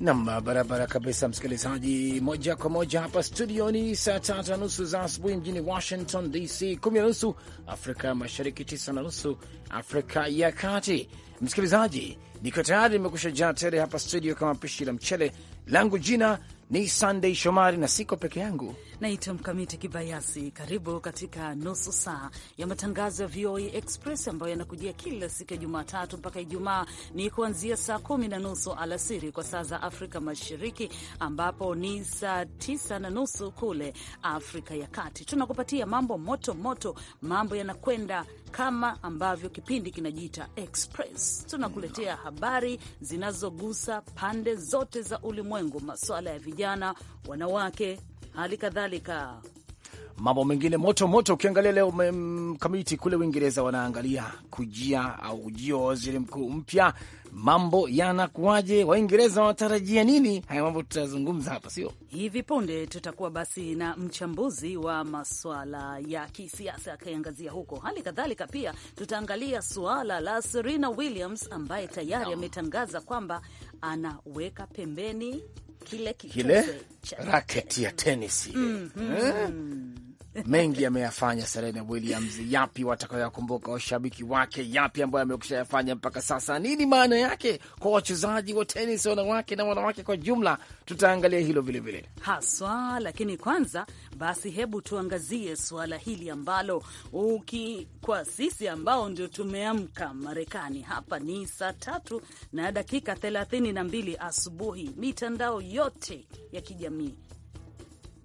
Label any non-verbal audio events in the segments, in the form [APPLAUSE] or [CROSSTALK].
Nam barabara kabisa, msikilizaji, moja kwa moja hapa studioni. Saa tatu na nusu za asubuhi mjini Washington DC, kumi na nusu Afrika Mashariki, tisa na nusu Afrika ya Kati. Msikilizaji, niko tayari, nimekusha jaa tele hapa studio kama pishi la mchele langu. Jina ni Sandey Shomari na siko peke yangu Naitwa Mkamiti Kibayasi. Karibu katika nusu saa ya matangazo ya VOA Express ambayo yanakujia kila siku ya Jumatatu mpaka Ijumaa, ni kuanzia saa kumi na nusu alasiri kwa saa za Afrika Mashariki, ambapo ni saa tisa na nusu kule Afrika ya Kati. Tunakupatia mambo moto moto, mambo yanakwenda kama ambavyo kipindi kinajiita Express. Tunakuletea habari zinazogusa pande zote za ulimwengu, masuala ya vijana, wanawake hali kadhalika mambo mengine moto moto. Ukiangalia leo mkamiti kule Uingereza wanaangalia kujia au ujio wa waziri mkuu mpya, mambo yanakuwaje? Waingereza wanatarajia nini? Haya mambo tutazungumza hapa sio hivi punde. Tutakuwa basi na mchambuzi wa maswala ya kisiasa akiangazia huko. Hali kadhalika pia tutaangalia suala la Serena Williams ambaye tayari ametangaza kwamba anaweka pembeni kile, kile raketi ya tenisi mm, mm, mm mengi ameyafanya Serena Williams. Yapi watakayoyakumbuka washabiki wake? Yapi ambayo amekusha yafanya mpaka sasa? Nini maana yake kwa wachezaji wa tenis wanawake na wanawake kwa jumla? Tutaangalia hilo vilevile vile haswa, lakini kwanza basi, hebu tuangazie suala hili ambalo uki kwa sisi ambao ndio tumeamka Marekani hapa ni saa tatu na dakika thelathini na mbili asubuhi. Mitandao yote ya kijamii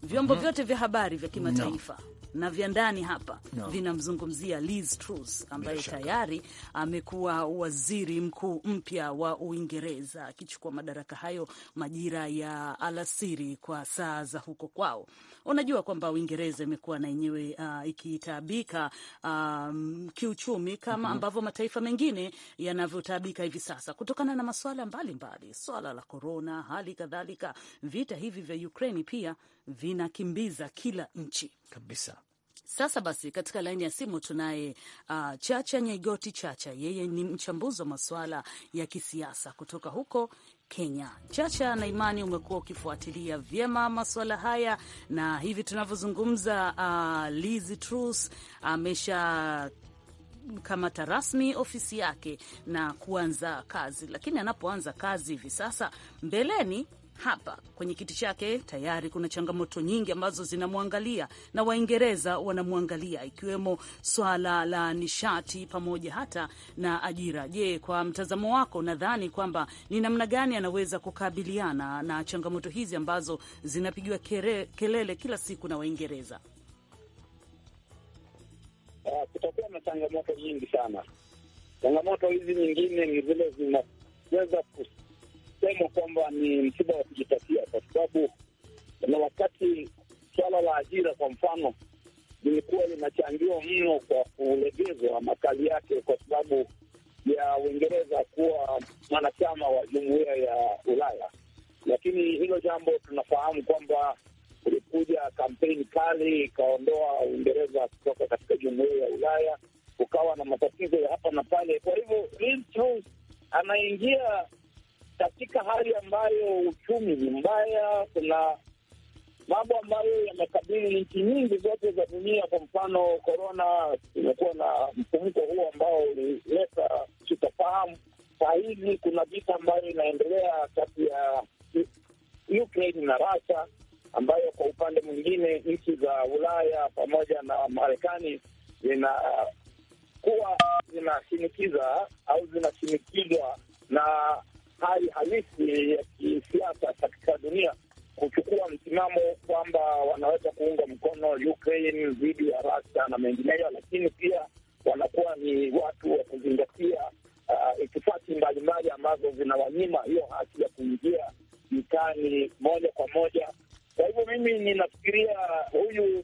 vyombo mm -hmm. vyote vya habari vya kimataifa no na vya ndani hapa no. vinamzungumzia Liz Truss ambaye tayari amekuwa waziri mkuu mpya wa Uingereza akichukua madaraka hayo majira ya alasiri kwa saa za huko kwao. Unajua kwamba Uingereza imekuwa na yenyewe uh, ikitaabika um, kiuchumi kama mhm. ambavyo mataifa mengine yanavyotaabika hivi sasa kutokana na masuala mbalimbali, swala la korona, hali kadhalika vita hivi vya Ukraini pia vinakimbiza kila nchi kabisa. Sasa basi, katika laini ya simu tunaye uh, ah, Chacha Nyaigoti Chacha. Yeye ni mchambuzi wa masuala ya kisiasa kutoka huko Kenya. Chacha, na imani umekuwa ukifuatilia vyema masuala haya, na hivi tunavyozungumza, uh, ah, Liz Truss amesha uh, kamata rasmi ofisi yake na kuanza kazi, lakini anapoanza kazi hivi sasa, mbeleni hapa kwenye kiti chake tayari kuna changamoto nyingi ambazo zinamwangalia na Waingereza wanamwangalia, ikiwemo swala la nishati pamoja hata na ajira. Je, kwa mtazamo wako, nadhani kwamba ni namna gani anaweza kukabiliana na changamoto hizi ambazo zinapigiwa kelele kila siku na Waingereza? Uh, kutakuwa na changamoto nyingi sana. Changamoto hizi nyingine ni zile zinaweza kusema kwamba ni msiba wa kujitakia, kwa sababu na wakati swala la ajira kwa mfano lilikuwa linachangiwa mno kwa kulegezwa makali yake kwa sababu ya Uingereza kuwa mwanachama wa jumuiya ya Ulaya. Lakini hilo jambo tunafahamu kwamba ulikuja kampeni kali ikaondoa Uingereza kutoka katika jumuiya ya Ulaya, ukawa na matatizo ya hapa na pale. Kwa hivyo anaingia katika hali ambayo uchumi ni mbaya, kuna mambo ambayo yamekabili nchi nyingi zote za dunia. Kwa mfano, korona imekuwa na mfumko huo ambao ulileta sitofahamu. Saa hizi kuna vita ambayo inaendelea kati ya Ukraine na Russia, ambayo kwa upande mwingine nchi za Ulaya pamoja na Marekani zinakuwa zinashinikiza au zinashinikizwa na hali halisi ya kisiasa katika dunia kuchukua msimamo kwamba wanaweza kuunga mkono Ukraine dhidi ya Russia na mengineyo, lakini pia wanakuwa ni watu wa kuzingatia uh, itifaki mbalimbali ambazo zinawanyima hiyo haki ya kuingia mtani moja kwa moja. Kwa hivyo mimi ninafikiria huyu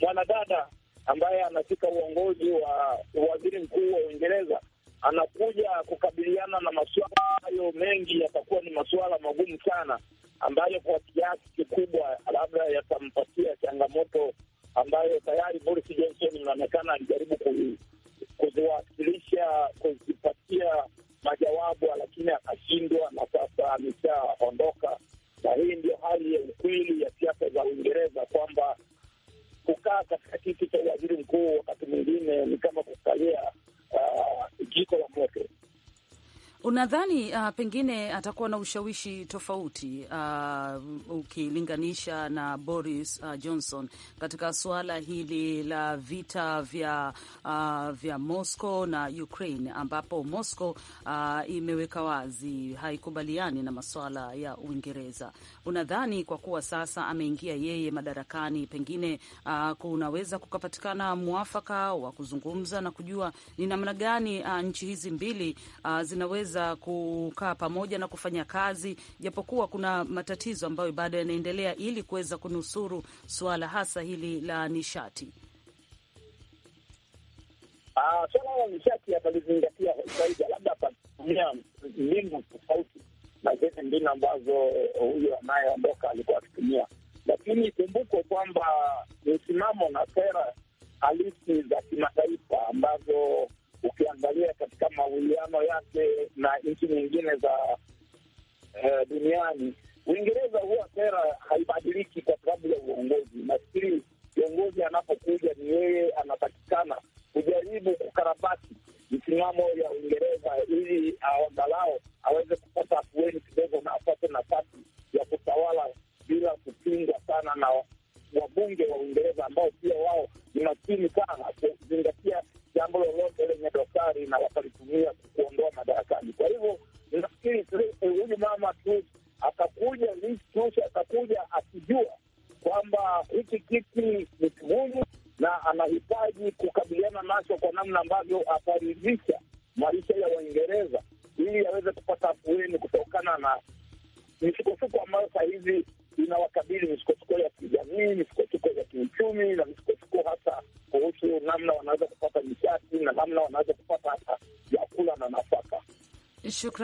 mwanadada ambaye anashika uongozi wa waziri mkuu wa Uingereza anakuja kukabiliana na masuala hayo mengi yatakuwa ni masuala magumu sana, ambayo kwa kiasi kikubwa labda yatampatia changamoto ambayo tayari Boris Johnson inaonekana alijaribu kuziwasilisha, kuzipatia majawabu, lakini akashindwa, na sasa ameshaondoka. Na hii ndio hali ya ukweli ya siasa za Uingereza kwamba kukaa katika kiti cha uwaziri mkuu wakati mwingine ni kama kukalia uh, jiko la moto Unadhani uh, pengine atakuwa na ushawishi tofauti uh, ukilinganisha na Boris uh, Johnson katika suala hili la vita vya, uh, vya Moscow na Ukraine, ambapo Moscow uh, imeweka wazi haikubaliani na masuala ya Uingereza. Unadhani kwa kuwa sasa ameingia yeye madarakani, pengine uh, kunaweza kukapatikana mwafaka wa kuzungumza na kujua ni namna gani uh, nchi hizi mbili uh, zinaweza kuweza kukaa pamoja na kufanya kazi, japokuwa kuna matatizo ambayo bado yanaendelea, ili kuweza kunusuru suala hasa hili la nishati. Ah, suala la nishati atalizingatia zaidi, labda atatumia mbinu tofauti na zile mbinu ambazo huyo anayeondoka alikuwa akitumia, lakini ikumbukwe kwamba msimamo na sera halisi za kimataifa ambazo ukiangalia katika mawiliano yake na nchi nyingine za uh, duniani Uingereza huwa sera haibadiliki kwa sababu ya uongozi. Nafikiri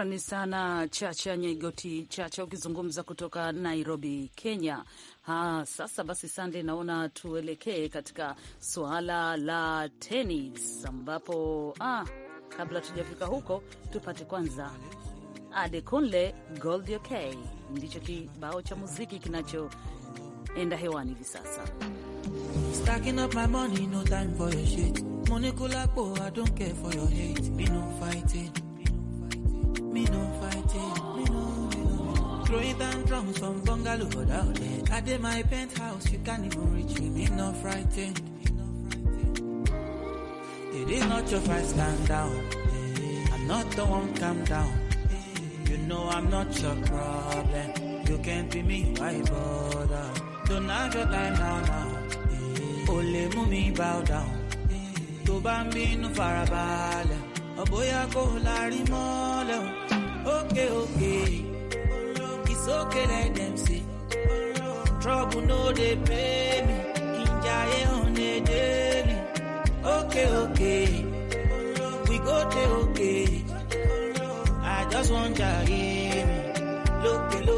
Shukrani sana Chacha Nyaigoti Chacha ukizungumza kutoka Nairobi, Kenya. Ha, sasa basi Sande, naona tuelekee katika suala la tenis ambapo ah, kabla tujafika huko tupate kwanza Adekunle Gold ok ndicho kibao cha muziki kinachoenda hewani hivi sasa. Stacking up my money, no time for your shit. Money oh, I don't care for your hate. no fighting. Me no fighting, me no, me no. Throwing down drums from bungalow down there. I did my penthouse, you can't even reach me. Me no frightened. It is not your fight, stand down. I'm not the one, calm down. You know I'm not your problem. You can't be me, why bother? Don't have your time now, now. Only move bow down. Tó bá ń a farabalẹ̀, ọ̀bọ̀yà kò lárí mọ́ So can them see. trouble no they pay me. Enjoy on a daily. Okay, okay, we go to okay. I just want to hear me. Look, look.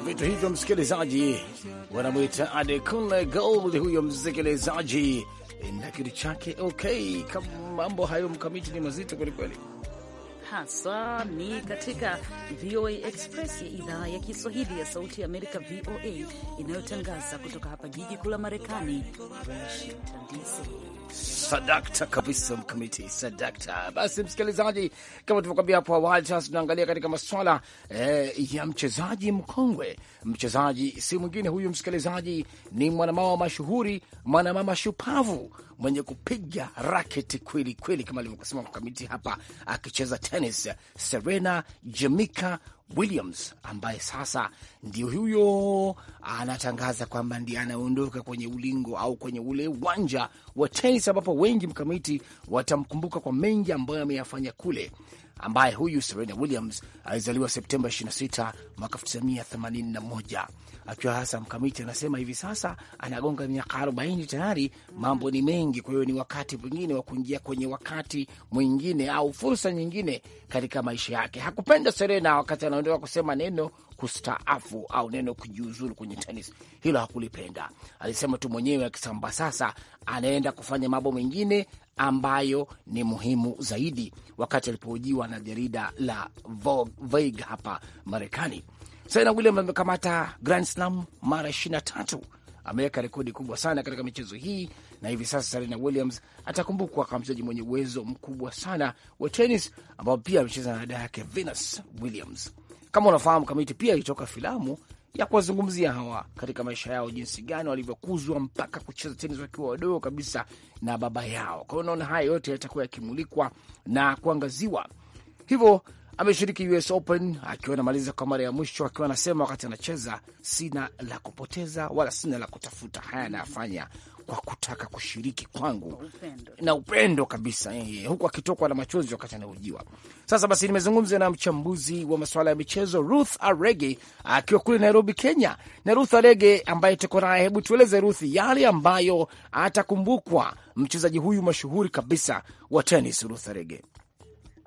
vitu hivyo, msikilizaji, wanamwita Adekunle Gold huyo msikilizaji na kitu chake. ok kama mambo hayo mkamiti ni mazito kwelikweli haswa ni katika VOA Express ya idhaa ya Kiswahili ya Sauti ya Amerika, VOA, inayotangaza kutoka hapa jiji kuu la Marekani, Washington DC. Sadakta kabisa, Mkamiti, sadakta. Basi msikilizaji, kama tulivyokwambia hapo awali, sasa tunaangalia katika maswala eh, ya mchezaji mkongwe. Mchezaji si mwingine huyu, msikilizaji, ni mwanamama mashuhuri, mwanamama shupavu mwenye kupiga raketi kweli kweli, kama alivyosema mkamiti hapa, akicheza tennis, Serena jemika Williams ambaye sasa ndio huyo anatangaza kwamba ndiye anaondoka kwenye ulingo au kwenye ule uwanja wa tenis, ambapo wengi mkamiti watamkumbuka kwa mengi ambayo ameyafanya kule, ambaye huyu Serena Williams alizaliwa Septemba 26 mwaka 1981, akiwa hasa mkamiti. Anasema hivi sasa anagonga miaka 40 tayari, mambo ni mengi, kwa hiyo ni wakati mwingine wa kuingia kwenye wakati mwingine au fursa nyingine katika maisha yake. Hakupenda Serena wakati anaondoka kusema neno kustaafu au neno kujiuzulu kwenye tenis, hilo hakulipenda. Alisema tu mwenyewe akisamba, sasa anaenda kufanya mambo mengine ambayo ni muhimu zaidi, wakati alipohojiwa na jarida la Vogue hapa Marekani. Serena Williams amekamata Grand Slam mara tatu, ameweka rekodi kubwa sana katika michezo hii, na hivi sasa Serena Williams atakumbukwa kama mchezaji mwenye uwezo mkubwa sana wa tenis, ambao pia amecheza na dada yake Venus Williams. Kama unafahamu Kamiti, pia ilitoka filamu ya kuwazungumzia hawa katika maisha yao, jinsi gani walivyokuzwa mpaka kucheza tenis wakiwa wadogo kabisa na baba yao. Kwa hiyo unaona haya yote yatakuwa yakimulikwa na kuangaziwa. Hivyo ameshiriki US Open akiwa anamaliza kwa mara ya mwisho, akiwa anasema wakati anacheza, sina la kupoteza wala sina la kutafuta. Haya anayafanya kwa kutaka kushiriki kwangu upendo, na upendo kabisa huku akitokwa na machozi wakati anahojiwa. Sasa basi, nimezungumza na mchambuzi wa masuala ya michezo Ruth Arege akiwa kule Nairobi, Kenya. Na Ruth Arege ambaye tuko naye, hebu tueleze Ruth, yale ambayo atakumbukwa mchezaji huyu mashuhuri kabisa wa tenis, Ruth Arege.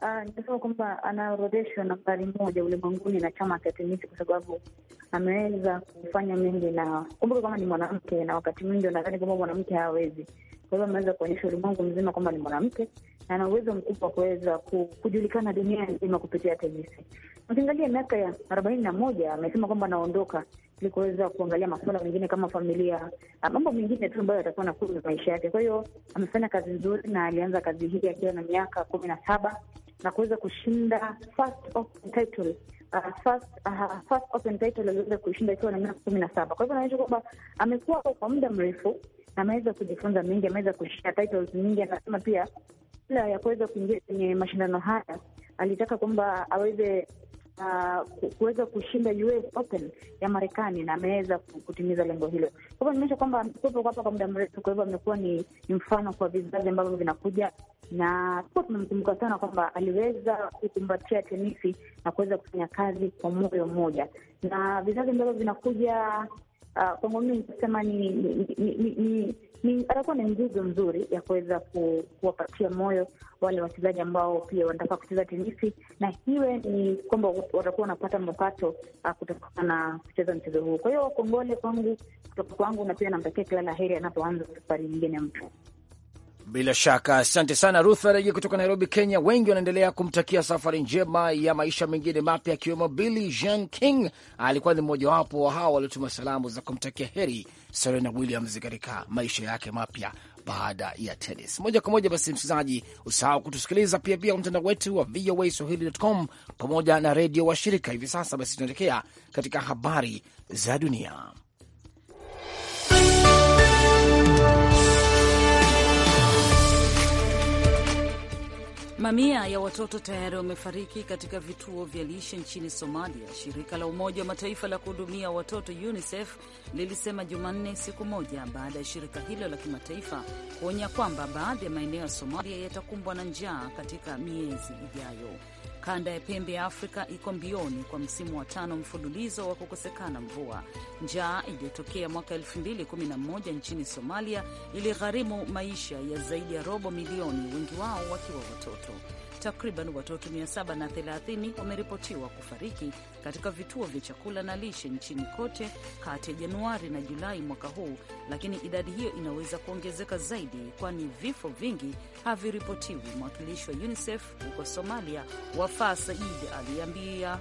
Uh, nitasema kwamba anaorodheshwa nambari moja ulimwenguni na chama cha tenisi kwa sababu ameweza kufanya mengi, na kumbuka kama ni mwanamke, na wakati mwingi unadhani kwamba mwanamke hawezi. Kwa hivyo ameweza kuonyesha ulimwengu mzima kwamba ni mwanamke na ana uwezo mkubwa wa kuweza kujulikana dunia nzima kupitia tenisi. Ukiangalia miaka ya arobaini na moja amesema kwamba anaondoka ili kuweza kuangalia masuala mengine kama familia, ah, mambo mengine tu ambayo atakuwa nakuza maisha yake. Kwa hiyo amefanya kazi nzuri, na alianza kazi hii akiwa na miaka kumi na saba na kuweza kushinda first open title Uh, first, uh, first open title aliweza kuishinda ikiwa na miaka kumi na saba. Kwa hivyo naonyesha kwamba amekuwa kwa muda mrefu na ameweza kujifunza mengi, ameweza kushinda titles nyingi. Anasema pia kabla ya kuweza kuingia kwenye mashindano haya alitaka kwamba aweze uh, kuweza kushinda US Open ya Marekani na ameweza kutimiza lengo hilo. Kwa hivyo naonyesha kwamba amekuwepo hapa kwa muda mrefu, kwa hivyo amekuwa ni mfano kwa vizazi ambavyo vinakuja na kuwa tunamkumbuka sana kwamba aliweza kukumbatia tenisi na kuweza kufanya kazi kwa moyo mmoja, na vizazi ambavyo vinakuja uh, kwangu mimi nikisema ni, ni, ni, ni, ni atakuwa ni mzigo mzuri ya kuweza ku, kuwapatia moyo wale wachezaji ambao pia wanataka kucheza tenisi, na hiwe ni kwamba watakuwa wanapata mapato uh, kutokana na kucheza mchezo huu. Kwa hiyo wakongole kwangu, kutoka kwangu, na pia namtakia kila la heri anapoanza safari nyingine mpya. Bila shaka asante sana Ruth Areje kutoka Nairobi, Kenya. Wengi wanaendelea kumtakia safari njema ya maisha mengine mapya, akiwemo Billy Jean King, alikuwa ni mmojawapo wa hawa waliotuma salamu za kumtakia heri Serena Williams katika maisha yake mapya baada ya tenis. Moja kwa moja basi, msikilizaji, usahau kutusikiliza pia pia mtandao wetu wa VOA Swahili.com pamoja na redio wa shirika hivi sasa. Basi tunaelekea katika habari za dunia. Mamia ya watoto tayari wamefariki katika vituo vya lishe nchini Somalia, shirika la Umoja wa Mataifa la kuhudumia watoto UNICEF lilisema Jumanne, siku moja baada ya shirika hilo la kimataifa kuonya kwamba baadhi ya maeneo ya Somalia yatakumbwa na njaa katika miezi ijayo. Kanda ya pembe ya Afrika iko mbioni kwa msimu wa tano mfululizo wa kukosekana mvua. Njaa iliyotokea mwaka 2011 nchini Somalia iligharimu maisha ya zaidi ya robo milioni, wengi wao wakiwa watoto takriban watoto 730 wameripotiwa kufariki katika vituo vya chakula na lishe nchini kote kati ya Januari na Julai mwaka huu, lakini idadi hiyo inaweza kuongezeka zaidi, kwani vifo vingi haviripotiwi. Mwakilishi wa UNICEF huko Somalia, Wafaa Said, aliambia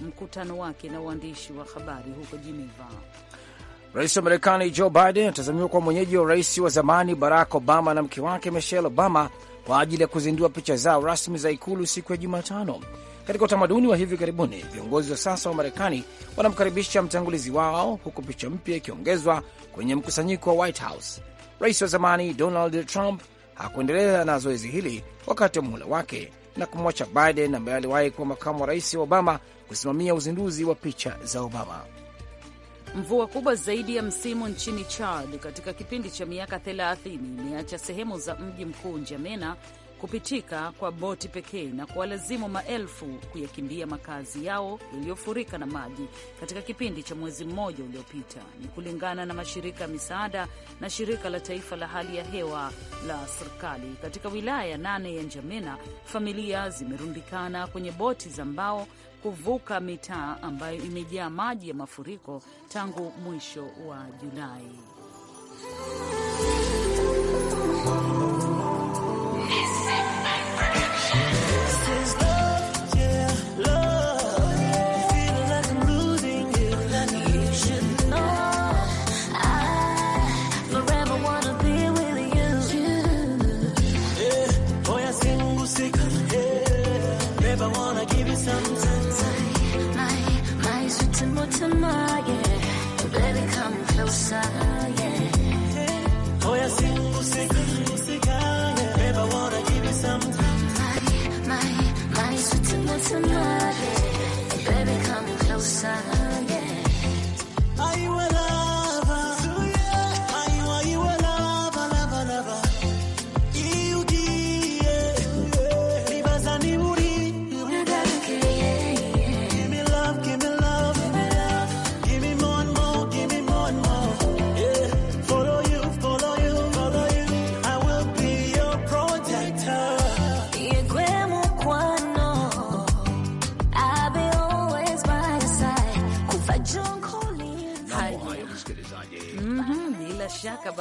mkutano wake na waandishi wa habari huko jineva Rais wa Marekani Joe Biden anatazamiwa kuwa mwenyeji wa rais wa zamani Barack Obama na mke wake Michelle Obama kwa ajili ya kuzindua picha zao rasmi za ikulu siku ya Jumatano. Katika utamaduni wa hivi karibuni, viongozi wa sasa wa Marekani wanamkaribisha mtangulizi wao, huku picha mpya ikiongezwa kwenye mkusanyiko wa White House. Rais wa zamani Donald Trump hakuendelea na zoezi hili wakati wa muhula wake na kumwacha Biden ambaye aliwahi kuwa makamu wa rais wa Obama kusimamia uzinduzi wa picha za Obama. Mvua kubwa zaidi ya msimu nchini Chad katika kipindi cha miaka 30 imeacha sehemu za mji mkuu Njamena kupitika kwa boti pekee na kuwalazimu maelfu kuyakimbia makazi yao yaliyofurika na maji katika kipindi cha mwezi mmoja uliopita, ni kulingana na mashirika ya misaada na shirika la taifa la hali ya hewa la serikali. Katika wilaya ya nane ya Njamena, familia zimerundikana kwenye boti za mbao kuvuka mitaa ambayo imejaa maji ya mafuriko tangu mwisho wa Julai.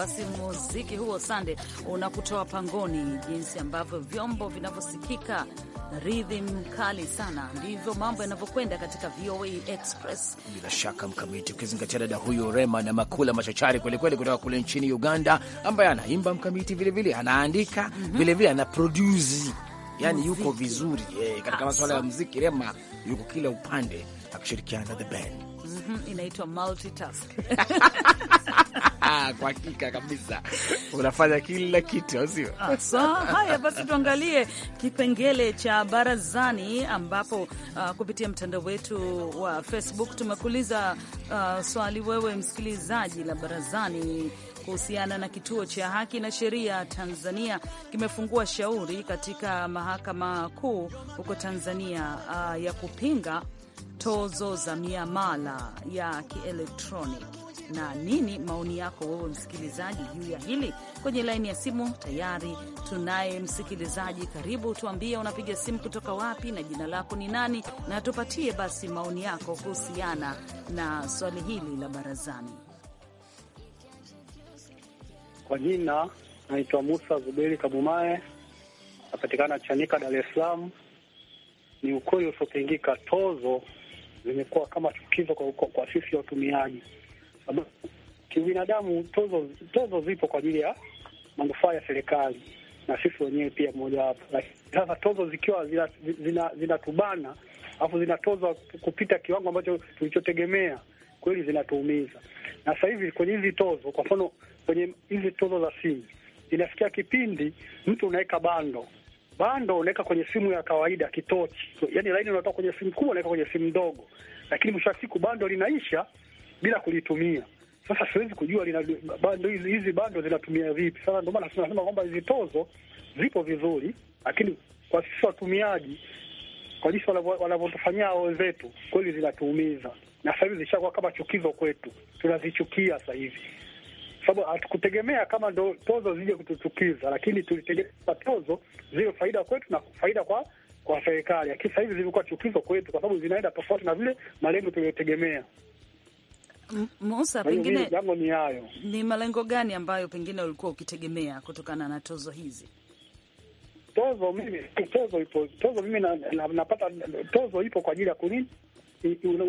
basi muziki huo Sande unakutoa pangoni, jinsi ambavyo vyombo vinavyosikika rhythm kali sana. Ndivyo mambo yanavyokwenda katika VOA Express. Bila shaka Mkamiti, ukizingatia dada huyu Rema na Makula machachari kwelikweli kutoka kule nchini Uganda, ambaye anaimba Mkamiti vilevile anaandika vilevile mhm. mm ana produsi yani muziki. Yuko vizuri eh, katika ah, masuala ya muziki Rema yuko kila upande akishirikiana na the band. Mm -hmm, inaitwa multitask [LAUGHS] Ah, kwa hakika kabisa unafanya kila kitu, sio? Ah, so, haya basi tuangalie kipengele cha barazani, ambapo uh, kupitia mtandao wetu wa Facebook tumekuuliza uh, swali wewe msikilizaji la barazani kuhusiana na kituo cha haki na sheria Tanzania kimefungua shauri katika mahakama kuu huko Tanzania uh, ya kupinga tozo za miamala ya kielektroniki na nini maoni yako wewe msikilizaji juu ya hili? Kwenye laini ya simu tayari tunaye msikilizaji. Karibu, tuambie unapiga simu kutoka wapi na jina lako ni nani, na tupatie basi maoni yako kuhusiana na swali hili la barazani. Kwa jina naitwa Musa Zuberi Kabumae, napatikana Chanika, Dar es Salaam. Ni ukweli usiopingika, tozo zimekuwa kama chukizo kwa, kwa sisi watumiaji Kibinadamu tozo, tozo zipo kwa ajili ya manufaa ya serikali na sisi wenyewe pia mmoja wapo. Lakini sasa tozo zikiwa zinatubana zina, zina alafu zinatozwa kupita kiwango ambacho tulichotegemea, kweli zinatuumiza. Na sasa hivi kwenye hizi tozo, kwa mfano kwenye hizi tozo za simu, inafikia kipindi mtu unaweka bando bando unaweka kwenye simu ya kawaida kitochi, yani laini unatoka kwenye simu kubwa unaweka kwenye simu ndogo, lakini mwisho wa siku bando linaisha, bila kulitumia. Sasa siwezi kujua hizi bando zinatumia vipi. Sasa ndio maana tunasema kwamba hizi tozo zipo vizuri, lakini kwa sisi watumiaji, kwa jinsi wanavyotufanyia wenzetu, kweli zinatuumiza, na sasa hivi zishakuwa kama chukizo kwetu, tunazichukia sasa hivi sababu hatukutegemea kama ndo tozo zije kutuchukiza, lakini tulitegemea tozo ziwe faida kwetu na faida kwa kwa serikali, lakini sasa hivi zimekuwa chukizo kwetu, kwa sababu zinaenda tofauti na vile malengo tuliyotegemea. Musa, pengine ni hayo. Ni malengo gani ambayo pengine ulikuwa ukitegemea kutokana na tozo hizi? Tozo mimi tozo ipo, tozo mimi na, na, napata tozo ipo kwa ajili ya kunini?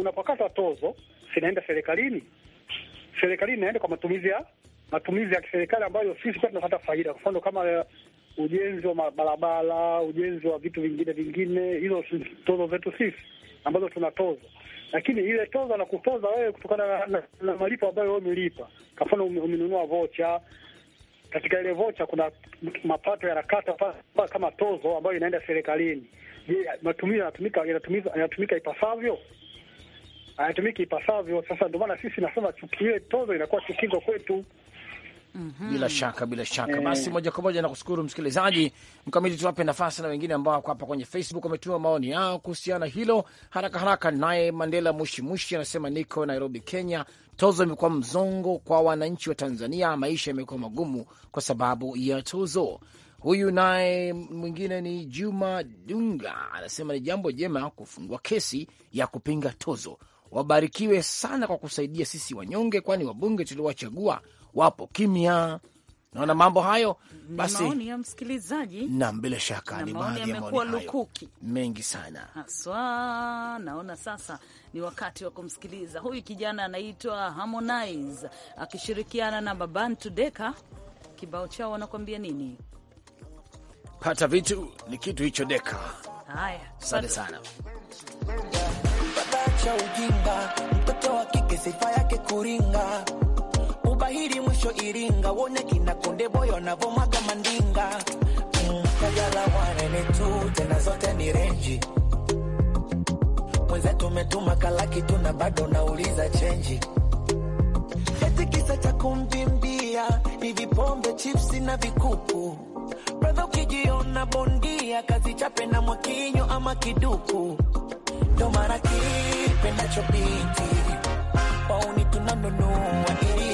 Unapokata tozo sinaenda serikalini, serikalini naenda kwa matumizi ya matumizi ya kiserikali ambayo sisi pia tunapata faida, kwa mfano kama uh, ujenzi wa barabara, ujenzi wa vitu vingine vingine, hizo tozo zetu sisi ambazo tunatozo lakini ile toza na kutoza wewe kutokana na, na, na malipo ambayo wewe umelipa. Kwa mfano umenunua vocha, katika ile vocha kuna mapato yanakata kama tozo ambayo inaenda serikalini. Je, matumizi yanatumika yanatumika yanatumika ipasavyo? Hayatumiki ipasavyo. Sasa ndio maana sisi nasema ile tozo inakuwa chukizo kwetu mm -hmm. Bila shaka bila shaka e. Basi moja kwa moja nakushukuru msikilizaji Mkamiti, tuwape nafasi na wengine ambao wako hapa kwenye Facebook wametuma maoni yao kuhusiana hilo haraka haraka. Naye Mandela Mushimushi anasema niko Nairobi, Kenya. Tozo imekuwa mzongo kwa wananchi wa Tanzania, maisha yamekuwa magumu kwa sababu ya tozo. Huyu naye mwingine ni Juma Dunga anasema ni jambo jema kufungua kesi ya kupinga tozo. Wabarikiwe sana kwa kusaidia sisi wanyonge, kwani wabunge tuliowachagua wapo kimya. Naona mambo hayo basi, maoni ya msikilizaji. bila shaka ni baadhi ya maoni lukuki mengi sana haswa. Naona sasa ni wakati wa kumsikiliza huyu kijana anaitwa Harmonize akishirikiana na Babantu Deka. Kibao chao wanakuambia nini? Pata vitu ni kitu hicho Deka. Haya, asante sana ujinga mtoto wa kike sifa yake kuringa Bahiri mwisho Iringa, wone kina Konde Boy wanavomwaga mandinga. Kajala wane ni tu tena zote ni renji mwenzetu, umetuma kalaki tuna bado nauliza chenji, eti kisa cha kumvimbia ni vipombe, chipsi na vikuku. Brother, ukijiona bondia kazi chape na mwakinyo ama kiduku, ndo mara kipendacho pauni tunanunua ili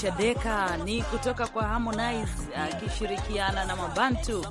Chadeka ni kutoka kwa Harmonize akishirikiana na Mabantu.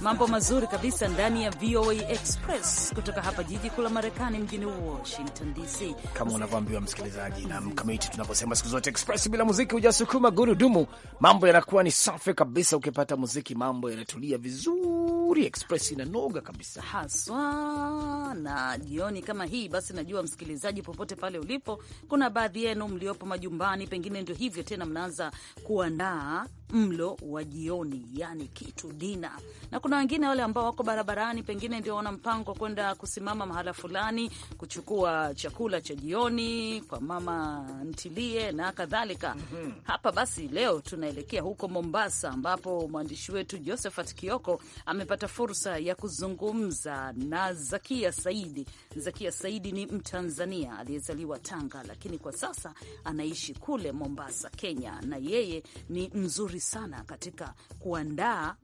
Mambo mazuri kabisa ndani ya VOA Express kutoka hapa jiji kuu la Marekani, mjini Washington DC, kama unavyoambiwa msikilizaji na mkamiti. Tunaposema siku zote Express bila muziki hujasukuma gurudumu, mambo yanakuwa ni safi kabisa. Ukipata muziki, mambo yanatulia vizuri Jamhuri Express inanoga kabisa haswa na jioni kama hii. Basi najua msikilizaji, popote pale ulipo, kuna baadhi yenu mliopo majumbani, pengine ndio hivyo tena, mnaanza kuandaa mlo wa jioni, yani kitu dina. Na kuna wengine wale ambao wako barabarani, pengine ndio wana mpango wa kwenda kusimama mahala fulani kuchukua chakula cha jioni kwa mama ntilie na kadhalika. mm -hmm. Hapa basi leo tunaelekea huko Mombasa, ambapo mwandishi wetu Josephat Kioko amepata fursa ya kuzungumza na Zakia Saidi. Zakia Saidi ni Mtanzania aliyezaliwa Tanga, lakini kwa sasa anaishi kule Mombasa, Kenya, na yeye ni mzuri sana katika kuandaa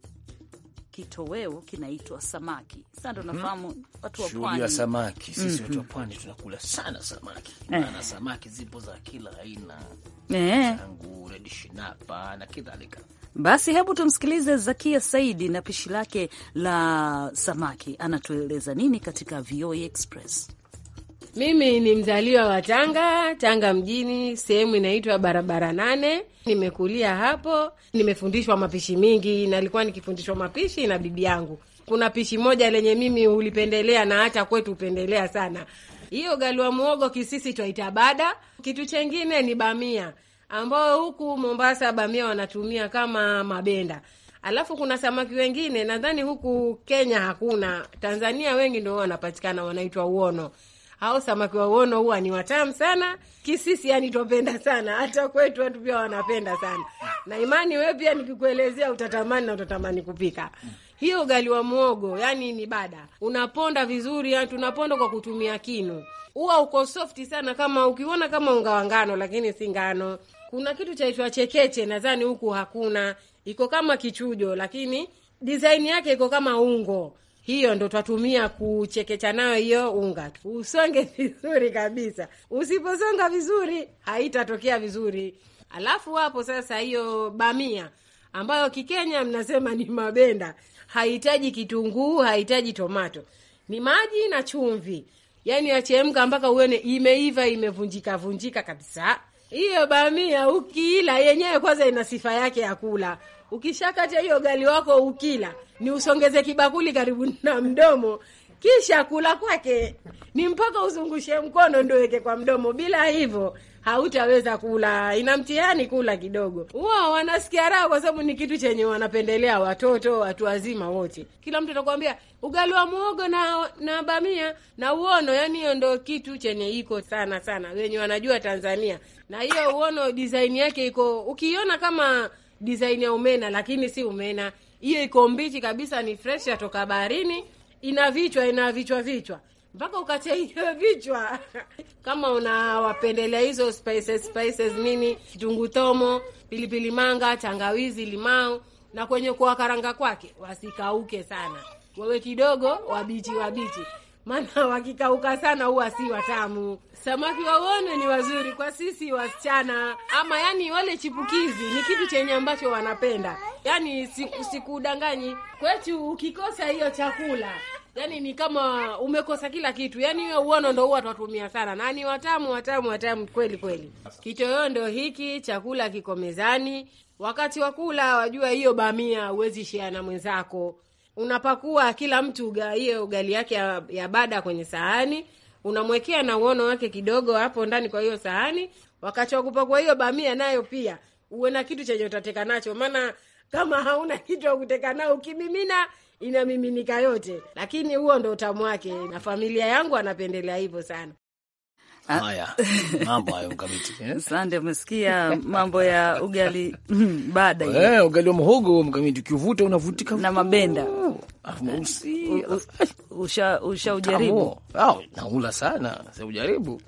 kitoweo kinaitwa samaki. Sasa ndo mhm. nafahamu watu wa pwani samaki, sisi watu wa mhm. pwani tunakula sana samaki, eh. maana samaki zipo za kila aina eh, tangu shinapa na kadhalika. Basi hebu tumsikilize Zakia Saidi na pishi lake la samaki, anatueleza nini katika VOA e Express. Mimi ni mzaliwa wa Tanga, Tanga mjini, sehemu inaitwa barabara nane. Nimekulia hapo, nimefundishwa mapishi mingi. Nalikuwa nikifundishwa mapishi na bibi yangu. Kuna pishi moja lenye mimi hulipendelea na hata kwetu hupendelea sana, hiyo galua muogo, kisisi twaita bada. Kitu chengine ni bamia, ambao huku Mombasa bamia wanatumia kama mabenda Alafu kuna samaki wengine nadhani huku Kenya hakuna, Tanzania wengi ndio wanapatikana, wanaitwa uono au samaki wa uono huwa ni watamu sana. Kisisi yani twapenda sana, hata kwetu watu pia wanapenda sana, na imani wewe pia nikikuelezea utatamani na utatamani kupika hiyo ugali wa mwogo yani ni bada, unaponda vizuri, yani tunaponda kwa kutumia kinu, huwa uko softi sana, kama ukiona kama unga wa ngano, lakini si ngano. Kuna kitu chaitwa chekeche, nadhani huku hakuna, iko kama kichujo, lakini disaini yake iko kama ungo hiyo ndo twatumia kuchekecha nayo hiyo unga. Usonge [LAUGHS] vizuri kabisa, usiposonga vizuri haitatokea vizuri. Alafu hapo sasa, hiyo bamia ambayo Kikenya mnasema ni mabenda, hahitaji kitunguu, hahitaji tomato, ni maji na chumvi, yaani yachemka mpaka uone imeiva, imevunjika vunjika kabisa hiyo bamia ukiila yenyewe kwanza ina sifa yake ya kula. Ukishakata hiyo gali wako ukila, ni usongeze kibakuli karibu [LAUGHS] na mdomo, kisha kula kwake ni mpaka uzungushe mkono ndio weke kwa mdomo. Bila hivyo hautaweza kula, ina mtihani kula kidogo. Wao wanasikia raha, kwa sababu ni kitu chenye wanapendelea watoto, watu wazima wote. Kila mtu atakwambia ugali wa muogo na na bamia na uono, yani hiyo ndo kitu chenye iko sana sana, wenye wanajua Tanzania. Na hiyo uono design yake iko, ukiiona kama design ya umena, lakini si umena. Hiyo iko mbichi kabisa, ni fresh, yatoka baharini, ina vichwa, ina vichwa vichwa mpaka ukachengewa vichwa kama unawapendelea hizo spices, spices nini, kitunguu tomo, pilipili manga, tangawizi, limau na kwenye kuwakaranga kwake wasikauke sana, wewe kidogo wabichi wabichi, maana wakikauka sana huwa si watamu. Samaki wawone ni wazuri kwa sisi wasichana, ama yani wale chipukizi ni kitu chenye ambacho wanapenda. Yani sikudanganyi, kwetu ukikosa hiyo chakula yani ni kama umekosa kila kitu. Yani hiyo uono ndo huwa twatumia sana, na ni watamu watamu watamu kweli kweli. Kitoweo ndo hiki, chakula kiko mezani, wakati wa kula wajua, hiyo bamia huwezi shea na mwenzako, unapakua kila mtu hiyo ugali yake ya, ya bada kwenye sahani unamwekea na uono wake kidogo hapo ndani kwa hiyo sahani. Wakati wa kupakua hiyo bamia nayo pia uwe na kitu chenye utateka nacho, maana kama hauna kitu wa kuteka nao, ukimimina inamiminika yote, lakini huo ndo utamu wake, na familia yangu anapendelea hivyo sana. Ah. Haya, mambo hayo mkamiti eh? Asante, umesikia mambo ya ugali hmm, baada eh, ugali wa mhogo mkamiti, ukiuvuta unavutika na mabenda ah, mweusi, usha ah, naula sana, ujaribu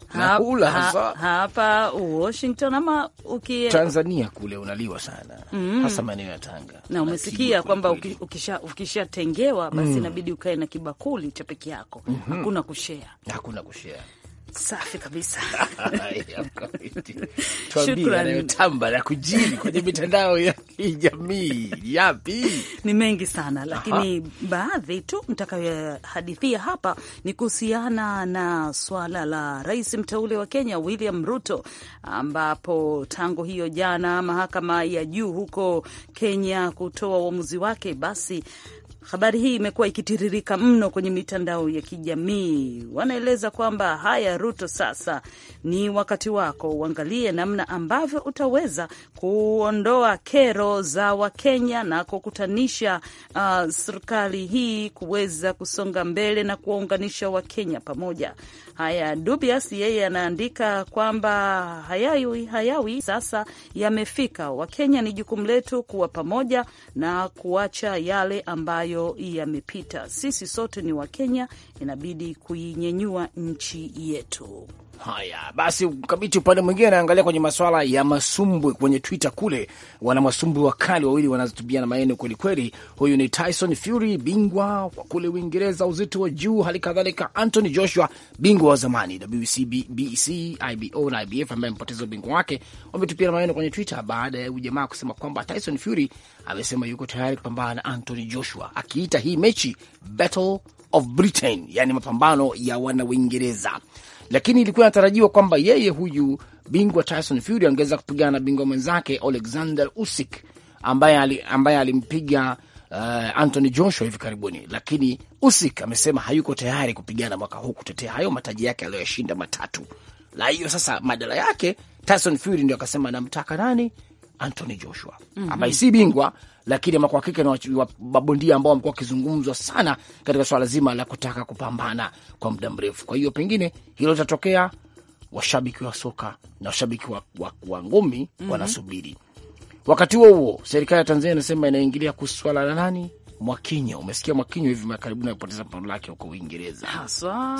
hapa Washington ama uki Tanzania kule unaliwa sana mm, hasa maeneo ya Tanga, na umesikia kwamba ukisha ukishatengewa basi mm. inabidi mm, ukae na kibakuli cha peke yako mm -hmm. Hakuna kushea hakuna kushea Safi kabisa. [LAUGHS] Tuambie yanayotamba na kujiri kwenye mitandao ya kijamii yapi? Ni mengi sana lakini Aha, baadhi tu mtakayohadithia hapa ni kuhusiana na swala la rais mteule wa Kenya William Ruto, ambapo tangu hiyo jana mahakama ya juu huko Kenya kutoa uamuzi wake, basi Habari hii imekuwa ikitiririka mno kwenye mitandao ya kijamii. Wanaeleza kwamba haya, Ruto, sasa ni wakati wako, uangalie namna ambavyo utaweza kuondoa kero za Wakenya na kukutanisha uh, serikali hii kuweza kusonga mbele na kuwaunganisha Wakenya pamoja. Haya, Dubias yeye anaandika kwamba hayawi hayawi sasa yamefika. Wakenya ni jukumu letu kuwa pamoja na kuacha yale ambayo ambayo yamepita. Sisi sote ni Wakenya, inabidi kuinyenyua nchi yetu. Haya basi, Mkamiti, upande mwingine anaangalia kwenye maswala ya masumbwi kwenye Twitter kule, wana masumbwi wakali wawili wanatupiana maneno kwelikweli. Huyu ni Tyson Fury, bingwa wa kule Uingereza uzito wa juu, hali kadhalika Anthony Joshua, bingwa wa zamani WBC, BBC, IBO na IBF, ambaye amepoteza ubingwa wake. Wametupiana maneno kwenye Twitter baada ya ujamaa kusema kwamba Tyson Fury amesema yuko tayari kupambana na Anthony Joshua, akiita hii mechi Battle of Britain, yani mapambano ya wana Uingereza lakini ilikuwa inatarajiwa kwamba yeye huyu bingwa Tyson Fury angeweza kupigana na bingwa mwenzake Alexander Usyk ambaye ambaye alimpiga uh, Anthony Joshua hivi karibuni, lakini Usyk amesema hayuko tayari kupigana mwaka huu kutetea hayo mataji yake aliyoyashinda matatu. La hiyo sasa, madala yake Tyson Fury ndio akasema namtaka nani? Anthony Joshua mm -hmm. ambaye si bingwa lakini ama kwa hakika ni mabondia ambao wamekuwa wakizungumzwa sana katika swala zima la kutaka kupambana kwa muda mrefu. Kwa hiyo pengine hilo litatokea. Washabiki wa soka na washabiki wa, wa, wa ngumi mm -hmm. wanasubiri. Wakati huo huo, serikali ya Tanzania inasema inaingilia kuhusu swala la nani Mwakinyo. Umesikia Mwakinyo hivi karibuni amepoteza pambano lake huko Uingereza.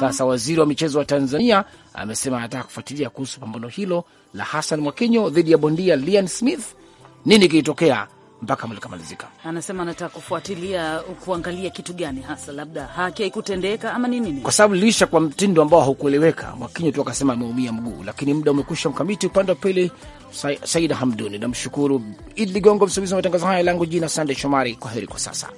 Sasa waziri wa michezo wa Tanzania amesema anataka kufuatilia kuhusu pambano hilo la Hassan Mwakinyo dhidi ya bondia Lian Smith, nini kilitokea mpaka likamalizika. Anasema anataka kufuatilia kuangalia kitu gani hasa, labda haki haikutendeka ama ni nini, kwa sababu lilisha kwa mtindo ambao haukueleweka. Mwakinyo tu akasema ameumia mguu, lakini muda umekwisha. Mkamiti upande wa pili, Saida Hamduni. Namshukuru Id Ligongo, msimamizi wa matangazo haya. Langu jina Sande Shomari. Kwa heri kwa sasa.